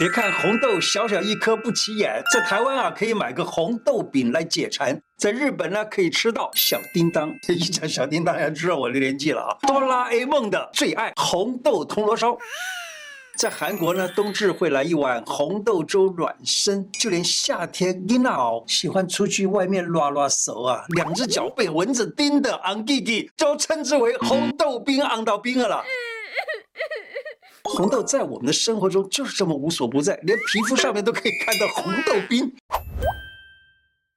別看紅豆小小一顆不起眼，在台灣啊可以買個紅豆餅來解饞，在日本呢可以吃到小叮噹。這一講小叮噹，大家知道我的年紀了啊！哆啦 A 夢的最愛紅豆銅鑼燒。在韓國呢，冬至會來一碗紅豆粥暖身。就連夏天，一娜喜歡出去外面拉拉手啊，兩隻腳被蚊子叮的，昂弟弟都稱之為紅豆冰，昂到冰了。紅豆在我們的生活中就是這麼無所不在，連皮膚上面都可以看到紅豆冰。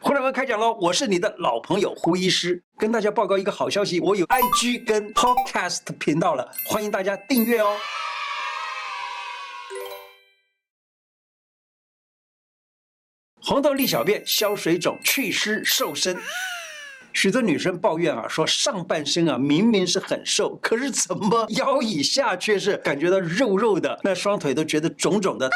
胡乃文開講嘍！我是你的老朋友胡醫師，跟大家報告一個好消息，我有 IG 跟 Podcast 頻道了，歡迎大家訂閱哦。紅豆利小便，消水腫，祛濕瘦身。許多女生抱怨啊，說上半身啊明明是很瘦，可是怎麼腰以下卻是感覺到肉肉的，那雙腿都覺得腫腫的。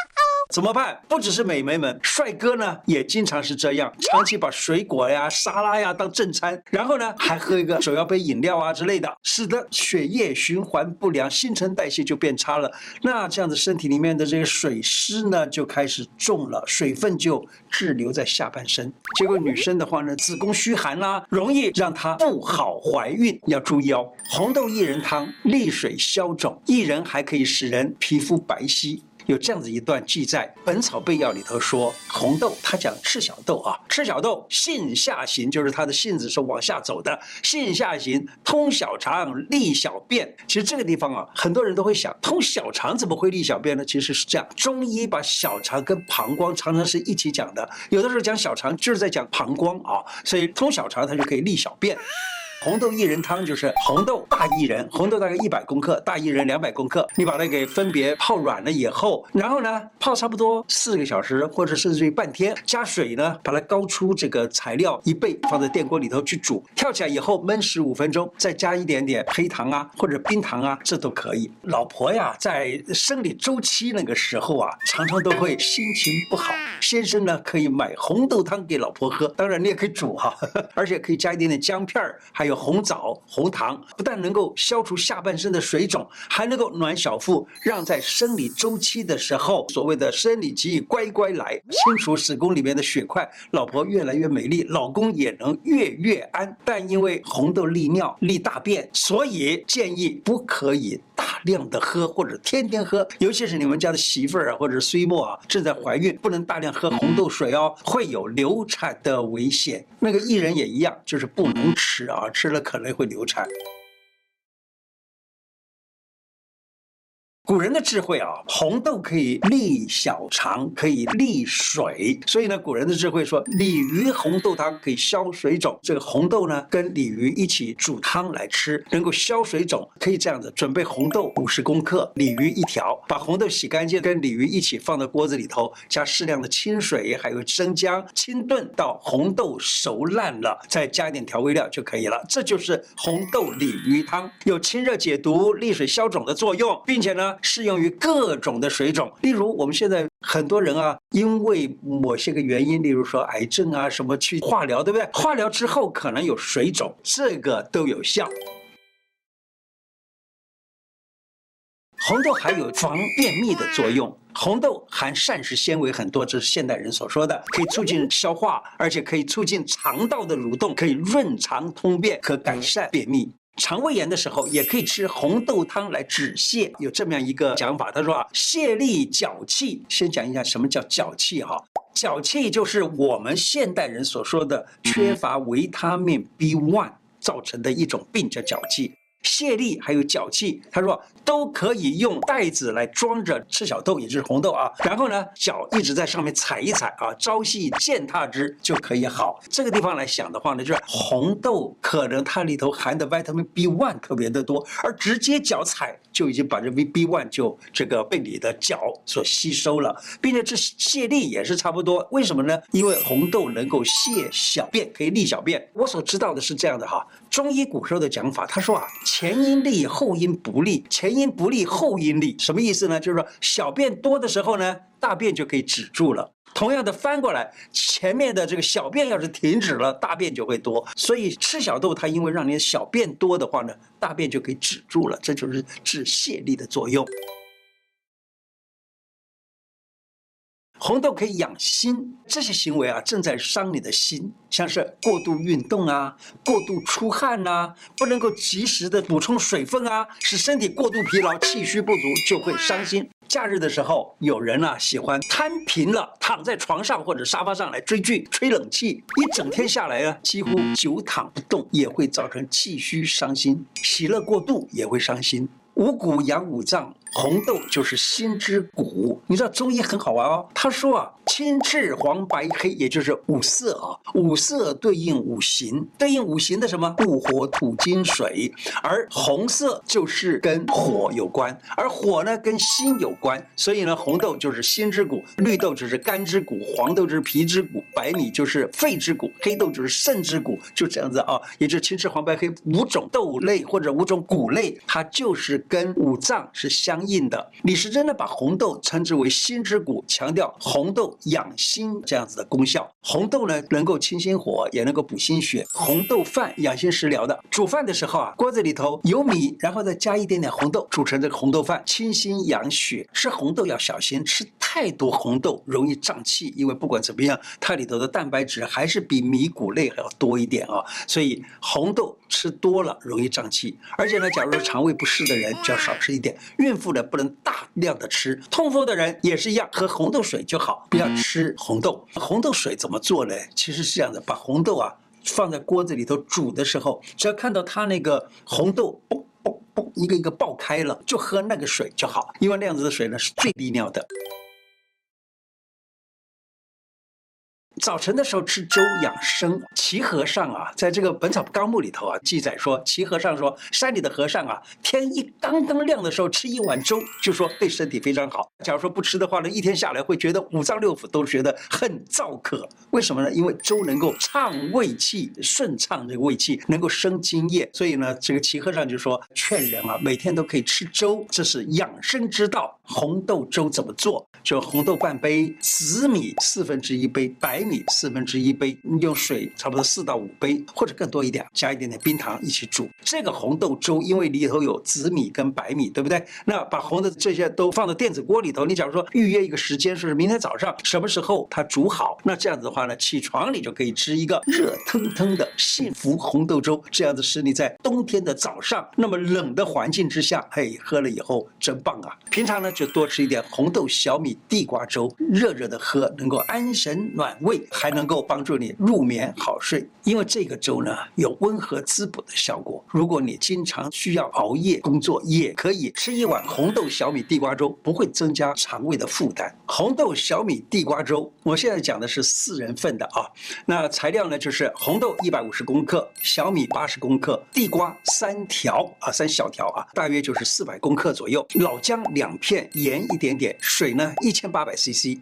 怎麼辦？不只是美眉們，帥哥呢也經常是這樣，長期把水果呀、沙拉呀當正餐，然後呢還喝一個手搖杯飲料啊之類的，使得血液循環不良，新陳代謝就變差了。那這樣子身體裡面的這個水濕呢就開始重了，水分就滯留在下半身。結果女生的話呢，子宮虛寒啦，啊，容易讓她不好懷孕。要注意哦，紅豆薏仁湯利水消腫，薏仁還可以使人皮膚白皙。有這樣子一段記載，《本草備藥》裡頭說，紅豆它講赤小豆啊，赤小豆性下行，就是它的性子是往下走的，性下行通小腸利小便。其實這個地方啊，很多人都會想，通小腸怎麼會利小便呢？其實是這樣，中醫把小腸跟膀胱常常是一起講的，有的時候講小腸就是在講膀胱啊，所以通小腸它就可以利小便。紅豆薏仁湯就是紅豆大薏仁，紅豆大概一百公克，大薏仁兩百公克，你把它給分別泡軟了以後，然後呢泡差不多四個小時或者甚至於半天，加水呢把它高出這個材料一倍，放在電鍋裡頭去煮，跳起來以後燜十五分鐘，再加一點點黑糖啊或者冰糖啊，這都可以。老婆呀，在生理週期那個時候啊，常常都會心情不好。先生呢，可以買紅豆湯給老婆喝，當然你也可以煮哈、啊，而且可以加一點點薑片兒，還有紅棗、紅糖，不但能夠消除下半身的水腫，還能夠暖小腹，讓在生理週期的時候，所謂的生理期乖乖來，清除子宮裡面的血塊，老婆越來越美麗，老公也能月月安。但因為紅豆利尿、利大便，所以建議不可以量的喝，或者天天喝，尤其是你們家的媳婦兒啊，或者是歲末啊，正在懷孕，不能大量喝紅豆水哦，會有流產的危險。那個薏仁也一樣，就是不能吃啊，吃了可能會流產。古人的智慧啊、哦，紅豆可以利小腸，可以利水，所以呢，古人的智慧說，鯉魚紅豆湯可以消水腫。這個紅豆呢，跟鯉魚一起煮湯來吃，能夠消水腫，可以這樣子準備：紅豆五十公克，鯉魚一條，把紅豆洗乾淨，跟鯉魚一起放到鍋子裡頭，加適量的清水，還有生薑，清燉到紅豆熟爛了，再加一點調味料就可以了。這就是紅豆鯉魚湯，有清熱解毒、利水消腫的作用，並且呢。適用於各種的水腫，例如我們現在很多人啊，因為某些個原因，例如說癌症啊什麼去化療，對不對？化療之後可能有水腫，這個都有效。紅豆還有防便秘的作用，紅豆含膳食纖維很多，這是現代人所說的，可以促進消化，而且可以促進腸道的蠕動，可以潤腸通便，可改善便秘。腸胃炎的時候也可以吃紅豆湯來止瀉，有這麼樣一個講法。他說啊，瀉痢腳氣，先講一下什麼叫腳氣哈、啊？腳氣就是我們現代人所說的缺乏維他命 B1 造成的一種病叫腳氣。泄利還有腳氣，他說都可以用袋子來裝着赤小豆，也就是紅豆啊。然後呢，腳一直在上面踩一踩啊，朝夕踐踏之就可以好。這個地方來想的話呢，就是紅豆可能它裡頭含的 vitamin B one 特別的多，而直接腳踩就已經把這 V B one 就這個被你的腳所吸收了，並且這泄利也是差不多。為什麼呢？因為紅豆能夠泄小便，可以利小便。我所知道的是這樣的哈。中醫古時候的講法，他說啊，前陰利後陰不利，前陰不利後陰利，什麼意思呢？就是說小便多的時候呢，大便就可以止住了。同樣的翻過來，前面的這個小便要是停止了，大便就會多。所以赤小豆，它因為讓你小便多的話呢，大便就可以止住了，這就是治瀉痢的作用。紅豆可以養心，這些行為啊，正在傷你的心，像是過度運動啊、過度出汗吶、啊、不能夠及時的補充水分啊，使身體過度疲勞、氣虛不足就會傷心。假日的時候，有人啊喜歡攤平了，躺在床上或者沙發上來追劇、吹冷氣，一整天下來呢、啊、幾乎久躺不動，也會造成氣虛傷心。喜樂過度也會傷心。五穀養五臟。紅豆就是心之谷，你知道中醫很好玩哦。他說啊，青赤黃白黑，也就是五色啊，五色對應五行，對應五行的什麼？木火土金水，而紅色就是跟火有關，而火呢跟心有關，所以呢，紅豆就是心之谷，綠豆就是肝之谷，黃豆就是脾之谷，白米就是肺之谷，黑豆就是腎之谷。就這樣子啊，也就是青赤黃白黑五種豆類或者五種谷類，它就是跟五臟是相的。硬,硬的，李時珍呢把紅豆稱之為心之谷，強調紅豆養心這樣子的功效。紅豆呢能夠清心火，也能夠補心血。紅豆飯養心食療的，煮飯的時候啊，鍋子裡頭有米，然後再加一點點紅豆，煮成這個紅豆飯，清心養血。吃紅豆要小心，吃太多紅豆容易脹氣，因為不管怎麼樣，它裡頭的蛋白質還是比米谷類還要多一點啊。所以紅豆吃多了容易脹氣，而且呢，假如腸胃不適的人就要少吃一點，孕婦。不能大量的吃，痛風的人也是一樣，喝紅豆水就好，不要吃紅豆。紅豆水怎麼做呢？其實是這樣的，把紅豆啊放在鍋子裡頭煮的時候，只要看到它那個紅豆嘣嘣嘣，一個一個爆開了，就喝那個水就好，因為那樣子的水呢是最利尿的。早晨的時候吃粥養生，齊和尚啊，在這個《本草綱目》裡頭啊記載說，齊和尚說山裡的和尚啊，天一剛剛亮的時候吃一碗粥，就說對身體非常好。假如說不吃的話呢，一天下來會覺得五臟六腑都覺得很燥渴。為什麼呢？因為粥能夠暢胃氣，順暢這個胃氣，能夠生津液。所以呢，這個齊和尚就說勸人啊，每天都可以吃粥，這是養生之道。紅豆粥怎麼做？就紅豆半杯，紫米四分之一杯，白。米四分之一杯，你用水差不多四到五杯或者更多一點，加一點點冰糖一起煮。這個紅豆粥因為裡頭有紫米跟白米，對不對？那把紅豆這些都放到電子鍋裡頭，你假如說預約一個時間，是明天早上什麼時候它煮好？那這樣子的話呢，起床你就可以吃一個熱騰騰的幸福紅豆粥。這樣子使你在冬天的早上，那麼冷的環境之下，嘿，喝了以後真棒啊！平常呢就多吃一點紅豆小米地瓜粥，熱熱的喝，能夠安神暖胃。還能夠幫助你入眠好睡，因為這個粥呢有溫和滋補的效果。如果你經常需要熬夜工作，也可以吃一碗紅豆小米地瓜粥，不會增加腸胃的負擔。紅豆小米地瓜粥，我現在講的是四人份的啊。那材料呢就是紅豆一百五十公克，小米八十公克，地瓜三條啊，三小條啊，大約就是四百公克左右。老薑兩片，鹽一點點，水呢一千八百 CC。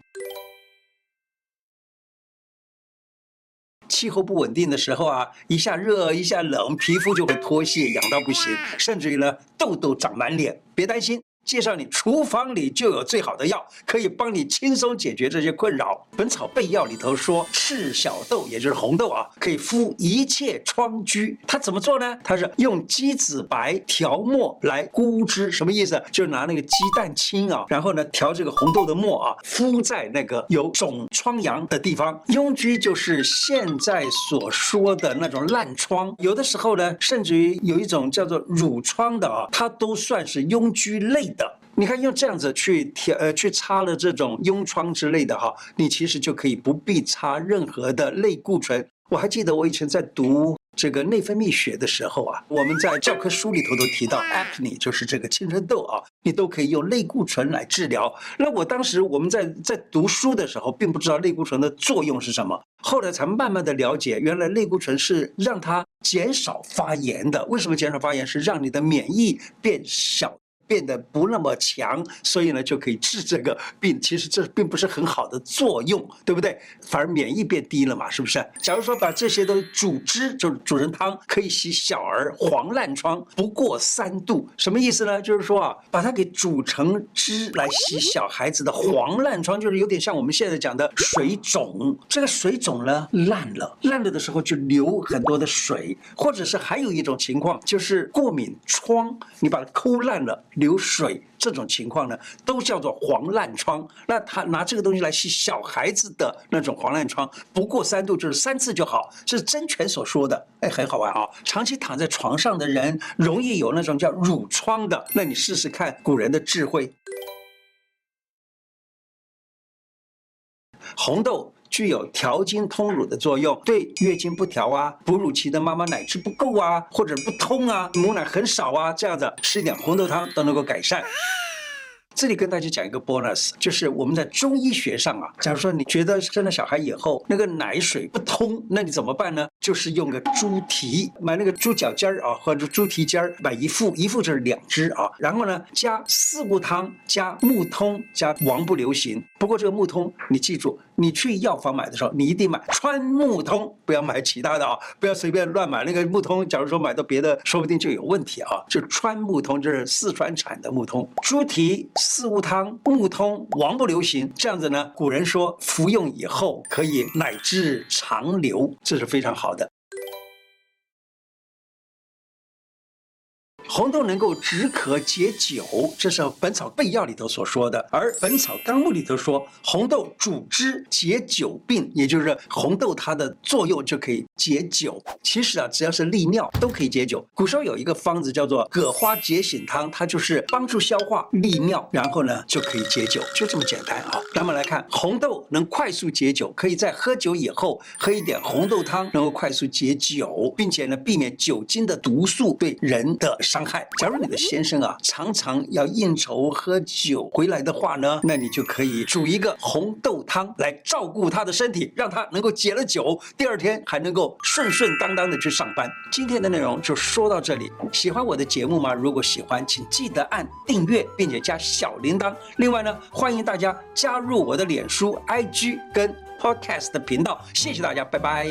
氣候不穩定的時候啊，一下熱一下冷，皮膚就會脫屑、癢到不行，甚至於呢，痘痘長滿臉，別擔心。介紹你，廚房裡就有最好的藥，可以幫你輕鬆解決這些困擾。《本草備藥》裡頭說，赤小豆，也就是紅豆啊，可以敷一切瘡疽。它怎麼做呢？它是用雞子白調末來敷之，什麼意思？就是拿那個雞蛋清啊，然後呢，調這個紅豆的末啊，敷在那個有腫瘡瘍的地方。癰疽就是現在所說的那種爛瘡，有的時候呢，甚至於有一種叫做乳瘡的啊，它都算是癰疽類的。你看，用這樣子去貼呃去擦了這種痈瘡之類的哈、啊，你其實就可以不必擦任何的類固醇。我還記得我以前在讀這個內分泌學的時候啊，我們在教科書裡頭都提到，acne 就是這個青春痘啊，你都可以用類固醇來治療。那我當時我們在在讀書的時候，並不知道類固醇的作用是什麼，後來才慢慢的了解，原來類固醇是讓它減少發炎的。為什麼減少發炎是讓你的免疫變小？變得不那麼強，所以呢就可以治這個病。其實這並不是很好的作用，對不對？反而免疫變低了嘛，是不是？假如說把這些都煮汁，就是煮成湯，可以洗小兒黃爛瘡，不過三度。什麼意思呢？就是說啊，把它給煮成汁來洗小孩子的黃爛瘡，就是有點像我們現在講的水腫。這個水腫呢，爛了，爛了的時候就流很多的水，或者是還有一種情況就是過敏瘡，你把它摳爛了。流水這種情況呢，都叫做黃爛瘡。那他拿這個東西來洗小孩子的那種黃爛瘡，不過三度就是三次就好，這是甄權所說的。哎、欸，很好玩啊、哦！長期躺在床上的人容易有那種叫褥瘡的。那你試試看古人的智慧，紅豆。具有調經通乳的作用，對月經不調啊、哺乳期的媽媽奶汁不夠啊，或者不通啊、母奶很少啊，這樣子吃一點紅豆湯都能夠改善。 這裡跟大家講一個 bonus，就是我們在中醫學上啊，假如說你覺得生了小孩以後那個奶水不通，那你怎麼辦呢？就是用個豬蹄，買那個豬腳尖兒啊，或者豬蹄尖兒，買一副，一副就是兩隻啊。然後呢，加四物湯，加木通，加王不留行。不過這個木通，你記住。你去藥房買的時候，你一定買川木通，不要買其他的啊、哦，不要隨便亂買那個木通。假如說買到別的，說不定就有問題啊、哦。就川木通，就是四川產的木通。豬蹄四物湯、木通、王不留行，這樣子呢，古人說服用以後可以奶汁常流，這是非常好的。紅豆能夠止渴解酒，這是《本草備要》裡頭所說的。而《本草綱目》裡頭說，紅豆煮汁解酒病，也就是紅豆它的作用就可以解酒。其實啊，只要是利尿都可以解酒。古時候有一個方子叫做葛花解醒湯，它就是幫助消化利尿，然後呢就可以解酒，就這麼簡單啊。那麼來看，紅豆能快速解酒，可以在喝酒以後喝一點紅豆湯，能夠快速解酒，並且呢避免酒精的毒素對人的傷。害，假如你的先生啊，常常要應酬喝酒回來的話呢，那你就可以煮一個紅豆湯來照顧他的身體，讓他能夠解了酒，第二天還能夠順順當當的去上班。今天的內容就說到這裡，喜歡我的節目嗎？如果喜歡，請記得按訂閱，並且加小鈴鐺。另外呢，歡迎大家加入我的臉書、IG 跟 Podcast 頻道。謝謝大家，拜拜。